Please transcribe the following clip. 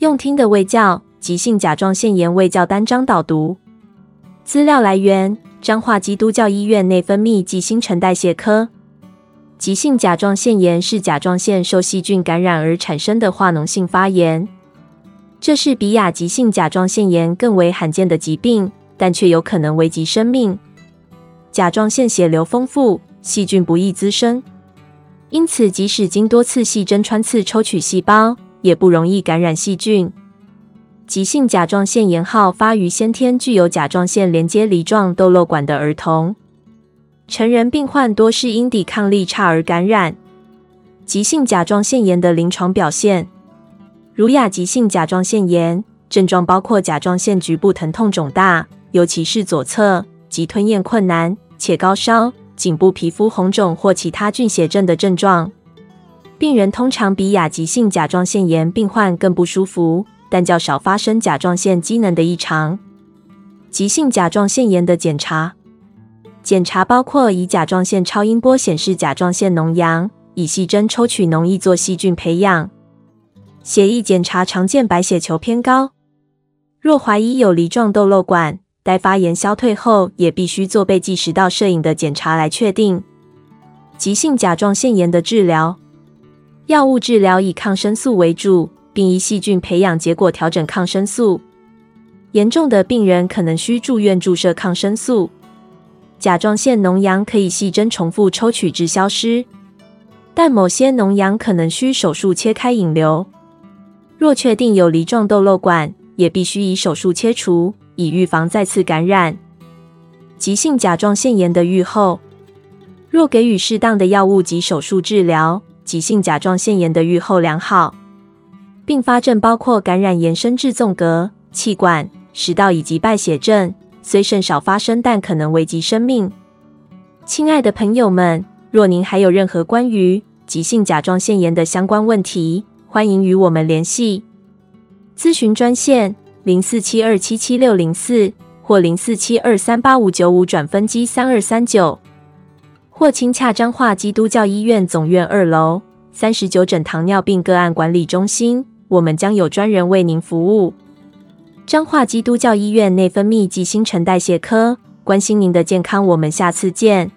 用聽的衛教，急性甲狀腺炎衛教單張導讀。資料來源：彰化基督教醫院內分泌暨新陳代謝科。急性甲狀腺炎是甲狀腺受細菌感染而產生的化膿性發炎。這是比亞急性甲狀腺炎更為罕見的疾病，但卻有可能危及生命。甲狀腺血流豐富，細菌不易滋生，因此即使經多次細針穿刺抽取細胞。也不容易感染細菌。急性甲狀腺炎好發於先天具有甲狀腺連接梨狀竇瘻管的兒童，成人病患多是因抵抗力差而感染。急性甲狀腺炎的臨床表現，如亞急性甲狀腺炎，症狀包括甲狀腺局部疼痛、腫大，尤其是左側及吞嚥困難，且高燒、頸部皮膚紅腫或其他菌血症的症狀。病人通常比亞急性甲狀腺炎病患更不舒服，但較少發生甲狀腺機能的異常。急性甲狀腺炎的檢查，檢查包括以甲狀腺超音波顯示甲狀腺膿瘍，以細針抽取膿液做細菌培養。血液檢查常見白血球偏高。若懷疑有梨狀竇瘻管，待發炎消退後，也必須做鋇劑食道攝影的檢查來確定。急性甲狀腺炎的治療。藥物治療以抗生素為主，並依細菌培養結果調整抗生素。嚴重的病人可能需住院注射抗生素。甲狀腺膿瘍可以細針重複抽取至消失，但某些膿瘍可能需手術切開引流。若確定有梨狀竇瘻管，也必須以手術切除，以預防再次感染。急性甲狀腺炎的預後，若給予適當的藥物及手術治療。急性甲狀腺炎的預後良好，併發症包括感染延伸至縱隔、氣管、食道以及敗血症，雖甚少發生，但可能危及生命。親愛的朋友們，若您還有任何關於急性甲狀腺炎的相關問題，歡迎與我們聯繫。諮詢專線：零四七二七七六零四或零四七二三八五九五轉分機三二三九。或親洽彰化基督教醫院總院二樓三十九診糖尿病個案管理中心，我們將有專人為您服務。彰化基督教醫院內分泌暨新陳代謝科，關心您的健康，我們下次見。